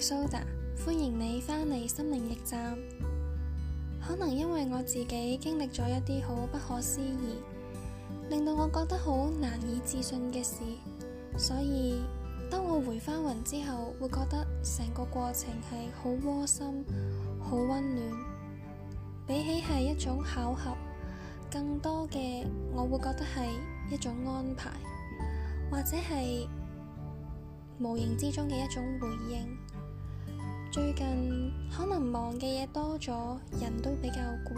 蘇打歡迎你返嚟心靈驛站。可能因為我自己經歷咗一啲好不可思議，令到我覺得好難以置信嘅事，所以當我回返云之後，會覺得成個過程係好窩心、好溫暖。比起係一種巧合，更多嘅我會覺得係一種安排，或者係無形之中嘅一種回應。最近可能忙嘅嘢多咗，人都比較攰。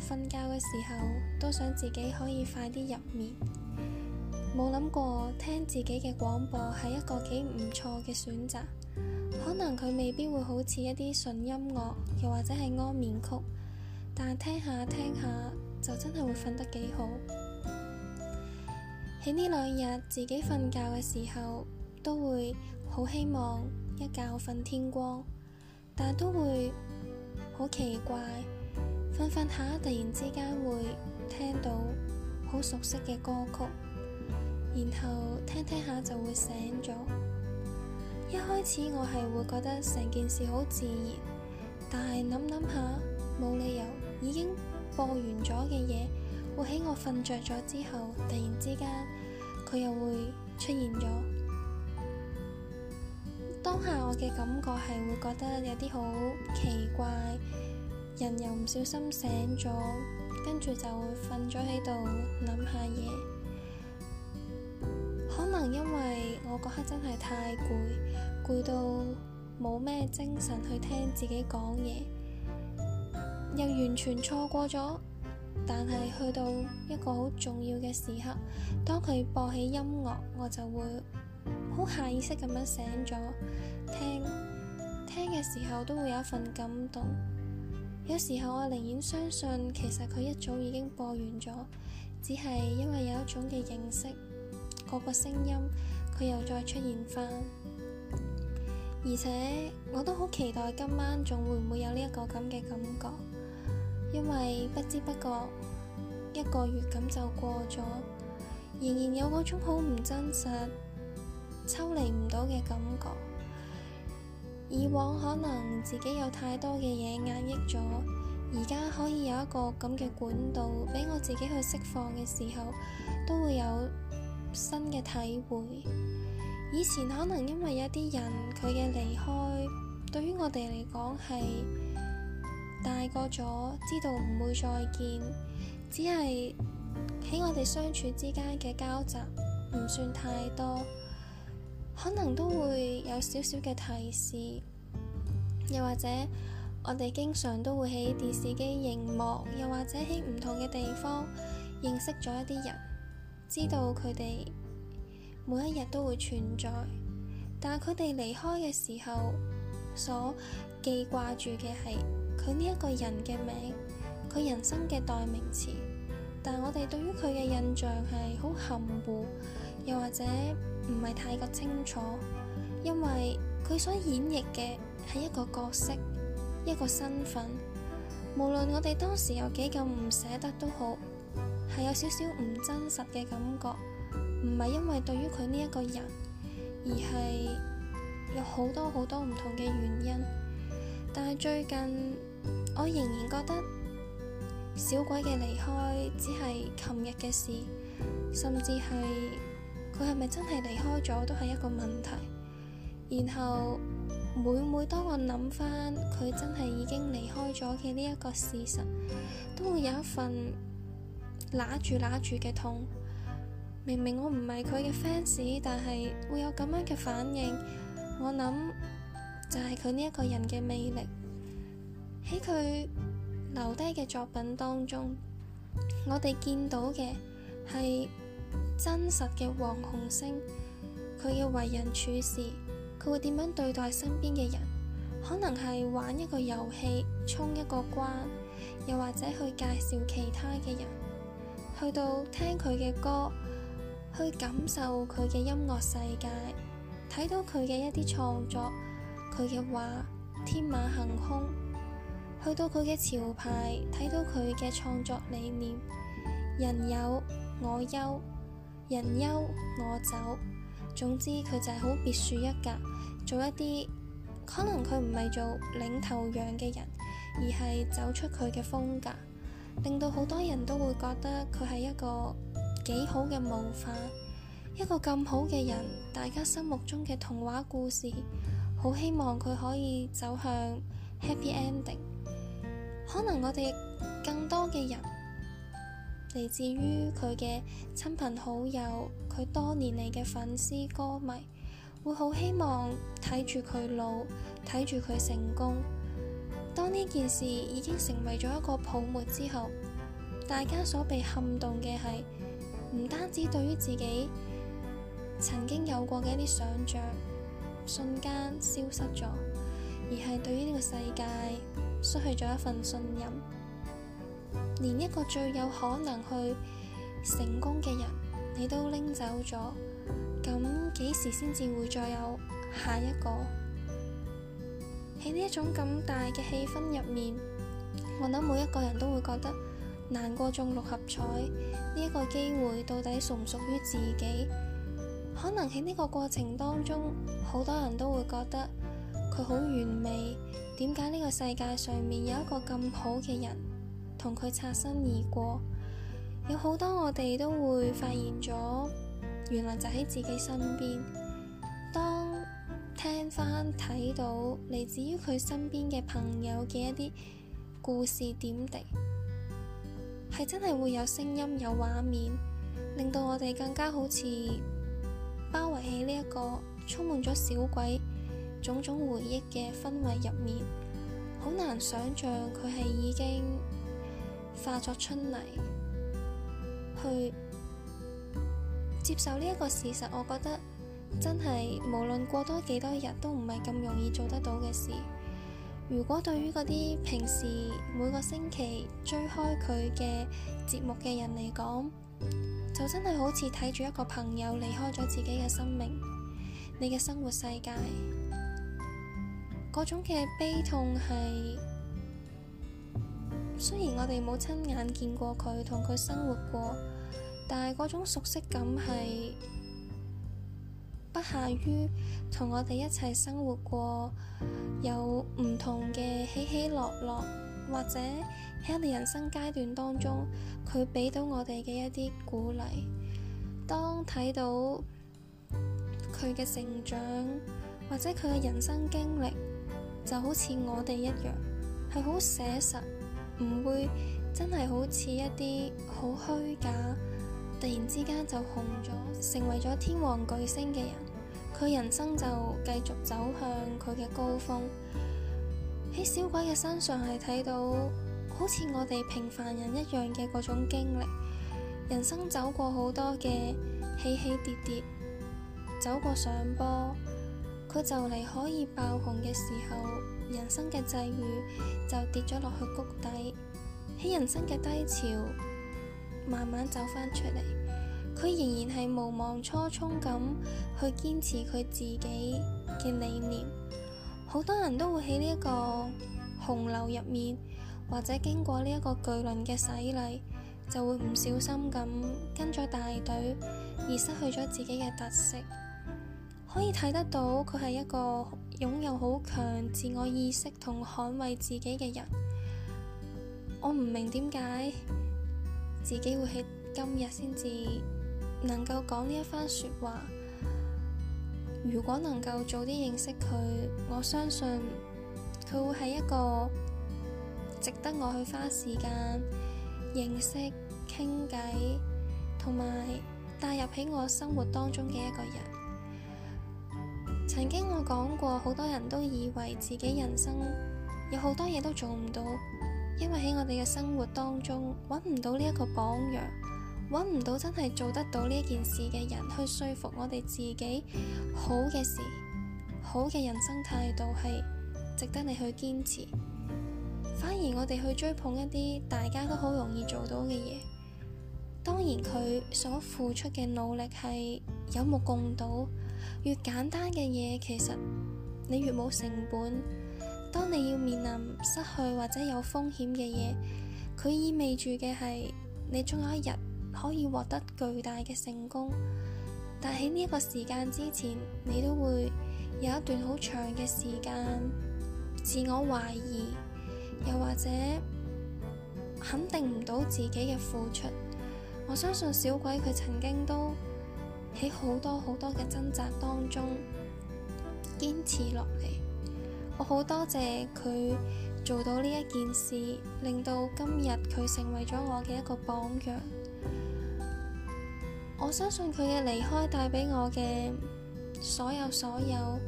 瞓覺嘅時候都想自己可以快啲入眠，冇諗過聽自己嘅廣播係一個幾唔錯嘅選擇。可能佢未必會好似一啲純音樂，又或者係安眠曲，但聽下聽下就真係會瞓得幾好。喺呢兩日自己瞓覺嘅時候，都會好希望。一覺瞓天光，但都會好奇怪，瞓瞓下突然之間會聽到好熟悉嘅歌曲，然後聽聽下就會醒咗。一開始我係會覺得成件事好自然，但係諗諗下，冇理由已經播完咗嘅嘢，會喺我瞓着咗之後突然之間佢又會出現咗。當下我嘅感覺係會覺得有啲好奇怪，人又唔小心醒咗，跟住就會瞓咗喺度諗下嘢。可能因為我嗰刻真係太攰，攰到冇咩精神去聽自己講嘢，又完全錯過咗。但係去到一個好重要嘅時刻，當佢播起音樂，我就會。好下意識咁樣醒咗，聽聽嘅時候都會有一份感動。有時候我寧願相信，其實佢一早已經播完咗，只係因為有一種嘅認識，嗰個聲音佢又再出現翻。而且我都好期待今晚仲會唔會有呢一個咁嘅感覺，因為不知不覺一個月咁就過咗，仍然有嗰種好唔真實。抽離唔到嘅感覺，以往可能自己有太多嘅嘢壓抑咗，而家可以有一個咁嘅管道俾我自己去釋放嘅時候，都會有新嘅體會。以前可能因為一啲人佢嘅離開，對於我哋嚟講係大個咗，知道唔會再見，只係喺我哋相處之間嘅交集唔算太多。可能都會有少少嘅提示，又或者我哋經常都會喺電視機熒幕，又或者喺唔同嘅地方認識咗一啲人，知道佢哋每一日都會存在，但係佢哋離開嘅時候所記掛住嘅係佢呢一個人嘅名，佢人生嘅代名詞，但我哋對於佢嘅印象係好含糊，又或者，唔係太過清楚，因為佢所演繹嘅係一個角色，一個身份。無論我哋當時有幾咁唔捨得都好，係有少少唔真實嘅感覺。唔係因為對於佢呢一個人，而係有好多好多唔同嘅原因。但係最近，我仍然覺得小鬼嘅離開只係琴日嘅事，甚至係。佢係咪真係離開咗都係一個問題，然後每每當我諗翻佢真係已經離開咗嘅呢一個事實，都會有一份揦住揦住嘅痛。明明我唔係佢嘅 fans，但係會有咁樣嘅反應，我諗就係佢呢一個人嘅魅力，喺佢留低嘅作品當中，我哋見到嘅係。真實嘅黃鴻升，佢嘅為人處事，佢會點樣對待身邊嘅人？可能係玩一個遊戲，衝一個關，又或者去介紹其他嘅人，去到聽佢嘅歌，去感受佢嘅音樂世界，睇到佢嘅一啲創作，佢嘅話天馬行空，去到佢嘅潮牌，睇到佢嘅創作理念，人有我優，人休我走，總之佢就係好別樹一格，做一啲可能佢唔係做領頭羊嘅人，而係走出佢嘅風格，令到好多人都會覺得佢係一個幾好嘅模範，一個咁好嘅人，大家心目中嘅童話故事，好希望佢可以走向 happy ending。可能我哋更多嘅人，嚟自於佢嘅親朋好友，佢多年嚟嘅粉絲歌迷，會好希望睇住佢老，睇住佢成功。當呢件事已經成為咗一個泡沫之後，大家所被撼動嘅係，唔單止對於自己曾經有過嘅一啲想像，瞬間消失咗，而係對於呢個世界失去咗一份信任。連一個最有可能去成功嘅人，你都拎走咗，咁幾時先至會再有下一個？喺呢一種咁大嘅氣氛入面，我諗每一個人都會覺得難過，中六合彩呢一個機會到底屬唔屬於自己？可能喺呢個過程當中，好多人都會覺得佢好完美，點解呢個世界上面有一個咁好嘅人？同佢擦身而過，有好多我哋都會發現咗，原來就喺自己身邊。當聽翻睇到嚟自於佢身邊嘅朋友嘅一啲故事點滴，係真係會有聲音、有畫面，令到我哋更加好似包圍喺呢一個充滿咗小鬼種種回憶嘅氛圍入面，好難想象佢係已經。化作春泥去接受呢一個事實，我覺得真係無論過多幾多日都唔係咁容易做得到嘅事。如果對於嗰啲平時每個星期追開佢嘅節目嘅人嚟講，就真係好似睇住一個朋友離開咗自己嘅生命，你嘅生活世界，嗰種嘅悲痛係。雖然我哋冇親眼見過佢同佢生活過，但係嗰種熟悉感係不下於同我哋一齊生活過，有唔同嘅起起落落，或者喺我哋人生階段當中，佢畀到我哋嘅一啲鼓勵。當睇到佢嘅成長，或者佢嘅人生經歷，就好似我哋一樣，係好寫實。唔會真係好似一啲好虛假，突然之間就紅咗，成為咗天王巨星嘅人，佢人生就繼續走向佢嘅高峰。喺小鬼嘅身上係睇到好似我哋平凡人一樣嘅嗰種經歷，人生走過好多嘅起起跌跌，走過上坡，佢就嚟可以爆紅嘅時候，人生嘅際遇就跌咗落去谷底。喺人生嘅低潮，慢慢走返出嚟，佢仍然係無忘初衷咁去堅持佢自己嘅理念。好多人都會喺呢一個洪流入面，或者經過呢一個巨輪嘅洗禮，就會唔小心咁跟咗大隊，而失去咗自己嘅特色。可以睇得到佢係一個擁有好強自我意識同捍衛自己嘅人。我唔明點解自己會喺今日先至能夠講呢一番說話。如果能夠早啲認識佢，我相信佢會係一個值得我去花時間認識、傾偈同埋帶入喺我生活當中嘅一個人。曾經我講過，好多人都以為自己人生有好多嘢都做唔到，因為喺我哋嘅生活當中揾唔到呢一個榜樣，揾唔到真係做得到呢一件事嘅人去說服我哋自己好嘅事、好嘅人生態度係值得你去堅持。反而我哋去追捧一啲大家都好容易做到嘅嘢，當然佢所付出嘅努力係有目共睹。越簡單嘅嘢，其實你越冇成本。當你要面臨失去或者有風險嘅嘢，佢意味住嘅係你終有一日可以獲得巨大嘅成功，但喺呢一個時間之前，你都會有一段好長嘅時間自我懷疑，又或者肯定唔到自己嘅付出。我相信小鬼佢曾經都。喺好多好多嘅掙扎當中堅持落嚟，我好多謝佢做到呢一件事，令到今日佢成為咗我嘅一個榜樣。我相信佢嘅離開帶俾我嘅所有所有，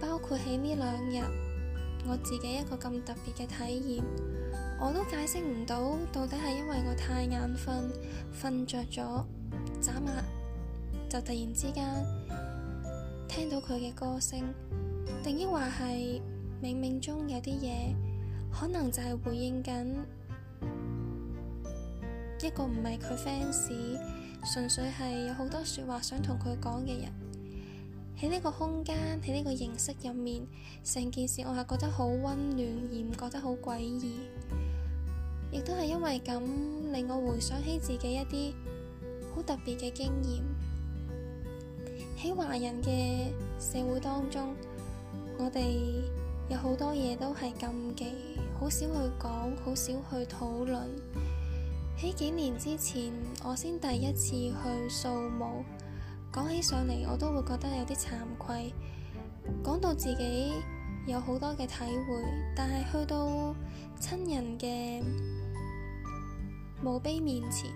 包括喺呢兩日我自己一個咁特別嘅體驗，我都解釋唔到，到底係因為我太眼瞓，瞓着咗，眨眼，就突然之間聽到佢嘅歌聲，定抑或係冥冥中有啲嘢，可能就係回應緊一個唔係佢 fans，純粹係有好多說話想同佢講嘅人，喺呢個空間，喺呢個形式入面，成件事我係覺得好溫暖，而唔覺得好詭異，亦都係因為咁令我回想起自己一啲好特別嘅經驗。喺華人嘅社會當中，我哋有好多嘢都係禁忌，好少去講，好少去討論。喺幾年之前，我先第一次去掃墓，講起上嚟，我都會覺得有啲慚愧。講到自己有好多嘅體會，但係去到親人嘅墓碑面前，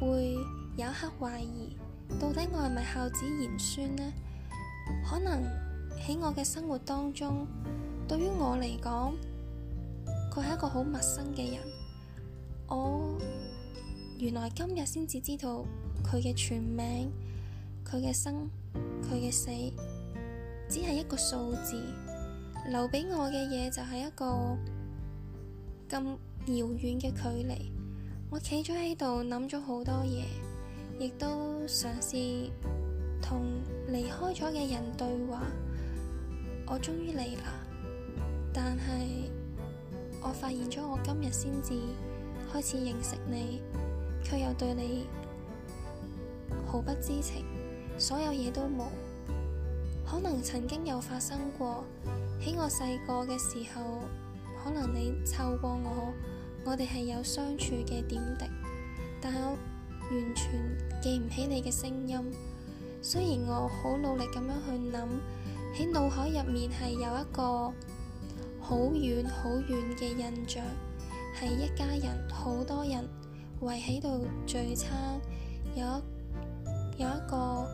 會有一刻懷疑。到底我係咪孝子賢孫呢？可能喺我嘅生活當中，對於我嚟講，佢係一個好陌生嘅人。我原來今日先至知道佢嘅全名，佢嘅生，佢嘅死，只係一個數字，留畀我嘅嘢就係一個咁遙遠嘅距離。我企咗喺度諗咗好多嘢。亦都嘗試同離開咗嘅人對話。我終於嚟啦，但係我發現咗，我今日先至開始認識你，卻又對你毫不知情，所有嘢都冇。可能曾經有發生過喺我細個嘅時候，可能你湊過我，我哋係有相處嘅點滴，但係。完全記唔起你嘅聲音，雖然我好努力咁樣去諗，喺腦海入面係有一個好遠好遠嘅印象，係一家人好多人圍喺度聚餐，有一有一個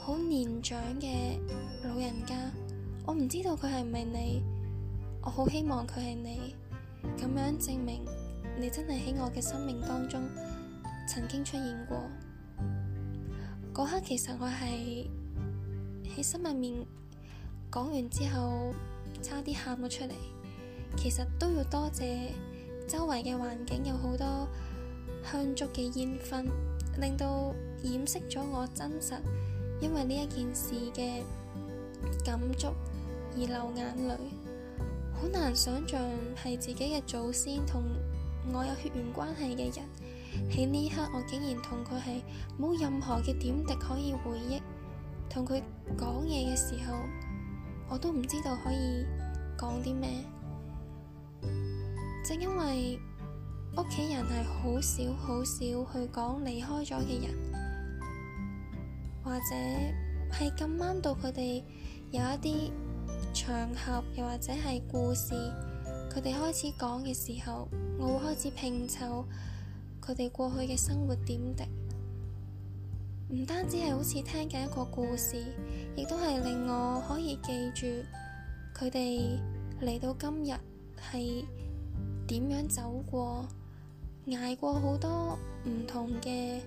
好年長嘅老人家，我唔知道佢係唔係你，我好希望佢係你，咁樣證明你真係喺我嘅生命當中，曾經出現過嗰刻，其實我係喺心入面講完之後，差啲喊咗出嚟。其實都要多謝周圍嘅環境，有好多香燭嘅煙燻，令到掩飾咗我真實因為呢一件事嘅感觸而流眼淚。好難想像係自己嘅祖先同我有血緣關係嘅人。喺呢刻，我竟然同佢係冇任何嘅點滴可以回憶。同佢講嘢嘅時候，我都唔知道可以講啲咩。正、就是、因為屋企人係好少好少去講離開咗嘅人，或者係咁啱到佢哋有一啲場合，又或者係故事，佢哋開始講嘅時候，我會開始拼湊。佢哋過去嘅生活點滴，唔單止係好似聽緊一個故事，亦都係令我可以記住佢哋嚟到今日係點樣走過，挨過好多唔同嘅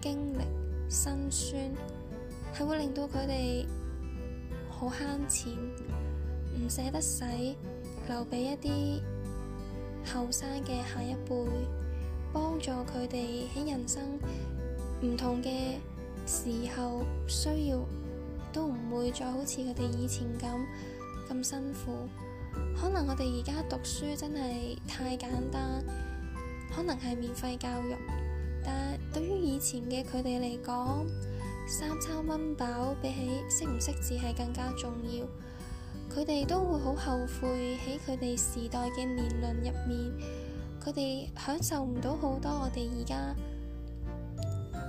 經歷，辛酸，係會令到佢哋好慳錢，唔捨得使，留畀一啲後生嘅下一輩。幫助佢哋喺人生唔同嘅時候需要，都唔會再好似佢哋以前咁咁辛苦。可能我哋而家讀書真係太簡單，可能係免費教育，但對於以前嘅佢哋嚟講，三餐溫飽比起識唔識字係更加重要。佢哋都會好後悔喺佢哋時代嘅年輪入面。佢哋享受唔到好多我哋而家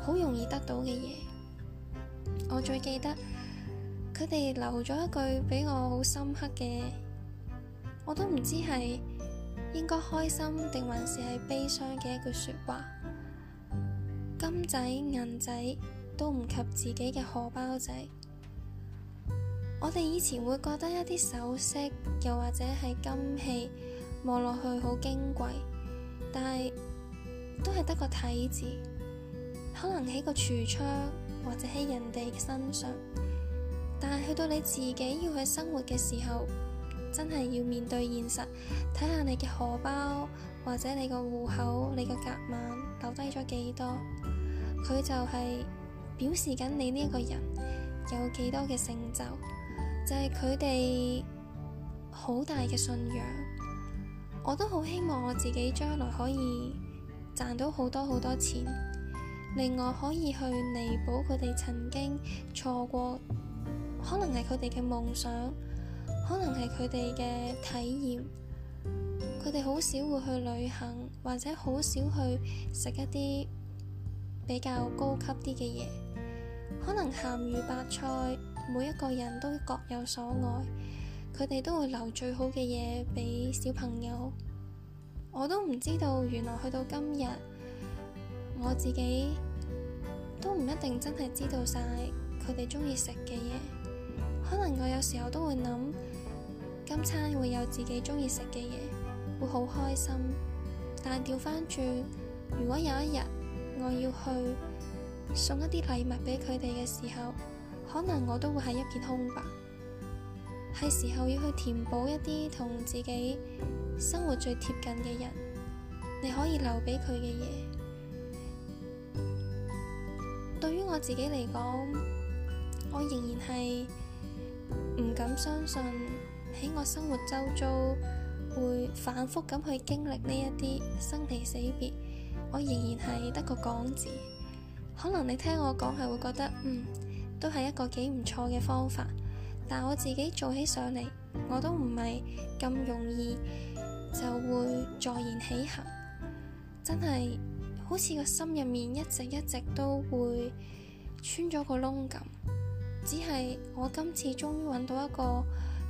好容易得到嘅嘢。我最記得佢哋留咗一句畀我好深刻嘅，我都唔知係應該開心定還是係悲傷嘅一句說話。金仔銀仔都唔及自己嘅荷包仔。我哋以前會覺得一啲首飾又或者係金器望落去好矜貴。但係都係得個睇字，可能喺個櫥窗或者喺人哋嘅身上，但係去到你自己要去生活嘅時候，真係要面對現實，睇下你嘅荷包或者你個戶口、你個夾萬留低咗幾多，佢就係表示緊你呢一個人有幾多嘅成就，就係佢哋好大嘅信仰。我都好希望我自己將來可以賺到好多好多錢，另外，可以去彌補佢哋曾經錯過，可能係佢哋嘅夢想，可能係佢哋嘅體驗。佢哋好少會去旅行，或者好少去食一啲比較高級啲嘅嘢。可能鹹魚白菜，每一個人都各有所愛。佢哋都會留最好嘅嘢畀小朋友，我都唔知道。原來去到今日，我自己都唔一定真係知道晒佢哋鍾意食嘅嘢。可能我有時候都會諗今餐會有自己鍾意食嘅嘢，會好開心。但係調翻轉，如果有一日我要去送一啲禮物畀佢哋嘅時候，可能我都會係一片空白。係時候要去填補一啲同自己生活最貼近嘅人，你可以留俾佢嘅嘢。對於我自己嚟講，我仍然係唔敢相信喺我生活周遭會反復咁去經歷呢一啲生離死別。我仍然係得個講字，可能你聽我講係會覺得，嗯，都係一個幾唔錯嘅方法。但我自己做起上嚟，我都唔係咁容易，就會坐言起行。真係好似個心入面一直一直都會穿咗個窿咁。只係我今次終於揾到一個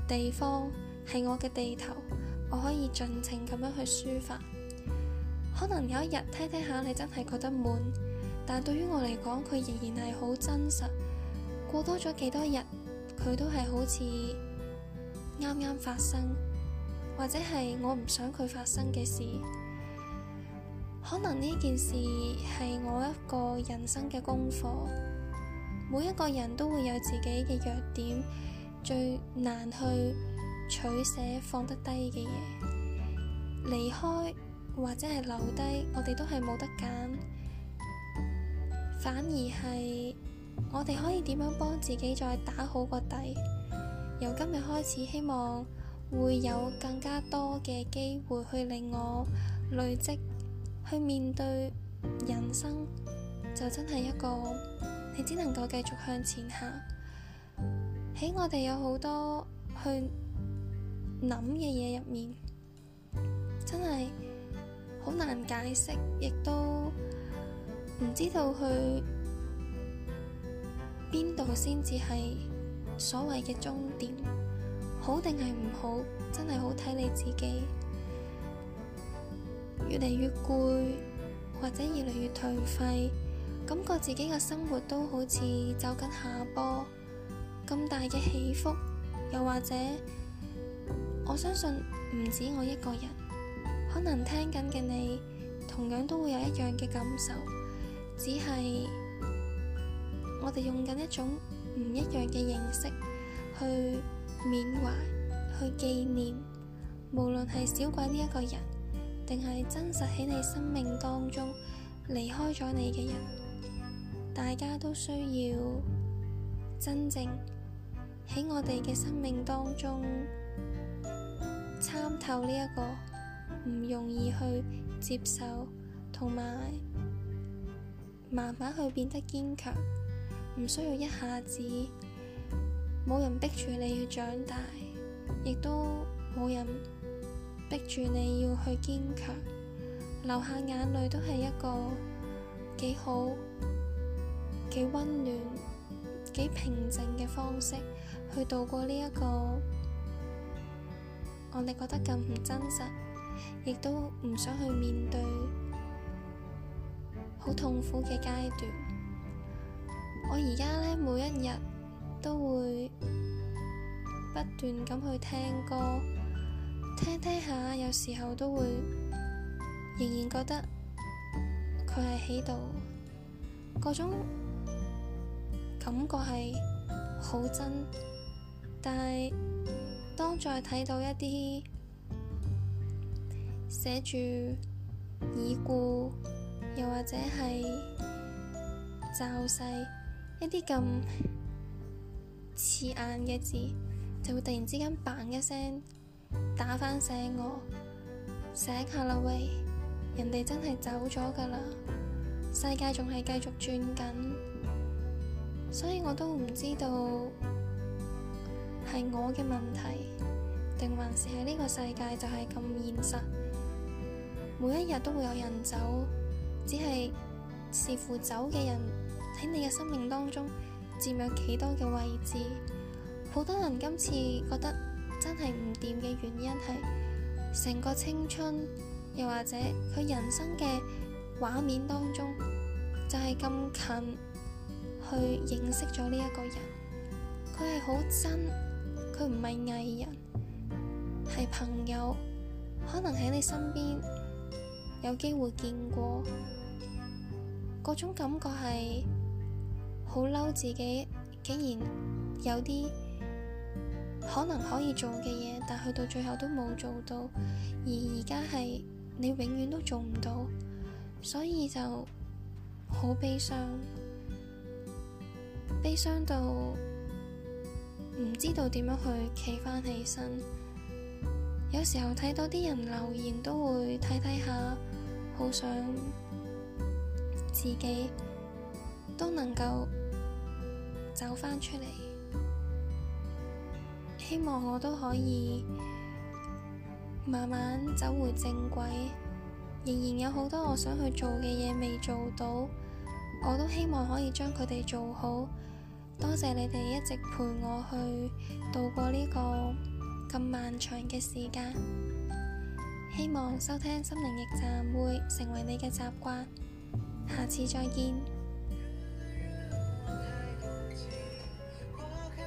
地方係我嘅地頭，我可以盡情咁樣去抒發。可能有一日聽聽下你真係覺得悶，但對於我嚟講，佢仍然係好真實。過多咗幾多日？佢都係好似啱啱發生，或者係我唔想佢發生嘅事。可能呢件事係我一個人生嘅功課。每一個人都會有自己嘅弱點，最難去取捨放得低嘅嘢。離開或者係留低，我哋都係冇得揀，反而係。我哋可以點樣幫自己再打好個底？由今日開始，希望會有更加多嘅機會去令我累積，去面對人生，就真係一個你只能夠繼續向前行。喺我哋有好多去諗嘅嘢入面，真係好難解釋，亦都唔知道去。邊度先至係所謂嘅終點？好定係唔好，真係好睇你自己。越嚟越攰，或者越嚟越頹廢，感覺自己嘅生活都好似走緊下坡，咁大嘅起伏，又或者我相信唔止我一個人，可能聽緊嘅你同樣都會有一樣嘅感受，只係。我哋用緊一種唔一樣嘅形式去緬懷、去紀念，無論係小鬼呢一個人，定係真實喺你生命當中離開咗你嘅人，大家都需要真正喺我哋嘅生命當中參透呢一個唔容易去接受，同埋慢慢去變得堅強。唔需要一下子，冇人逼住你要長大，亦都冇人逼住你要去堅強。流下眼淚都係一個幾好、幾溫暖、幾平靜嘅方式，去度過呢、這、一個我哋覺得咁唔真實，亦都唔想去面對好痛苦嘅階段。我而家咧，每一日都會不斷咁去聽歌，聽聽下，有時候都會仍然覺得佢係喺度，嗰種感覺係好真。但係當再睇到一啲寫住已故，又或者係驟逝，一啲咁刺眼嘅字，就會突然之間呯一聲打返醒我醒下啦喂！人哋真係走咗㗎啦，世界仲係繼續轉緊，所以我都唔知道係我嘅問題，定還是喺呢個世界就係咁現實，每一日都會有人走，只係似乎走嘅人，喺你嘅生命當中佔有幾多嘅位置？好多人今次覺得真係唔掂嘅原因係成個青春，又或者佢人生嘅畫面當中就係咁近去認識咗呢一個人。佢係好真，佢唔係藝人，係朋友。可能喺你身邊有機會見過，嗰種感覺係。好嬲自己竟然有啲可能可以做嘅嘢，但去到最後都冇做到，而而家係你永遠都做唔到，所以就好悲傷，悲傷到唔知道點樣去企翻起身。有時候睇到啲人留言都會睇睇下，好想自己都能夠。走返出嚟，希望我都可以慢慢走回正軌。仍然有好多我想去做嘅嘢未做到，我都希望可以將佢哋做好。多謝你哋一直陪我去度過呢個咁漫長嘅時間。希望收聽心靈驛站會成為你嘅習慣。下次再見。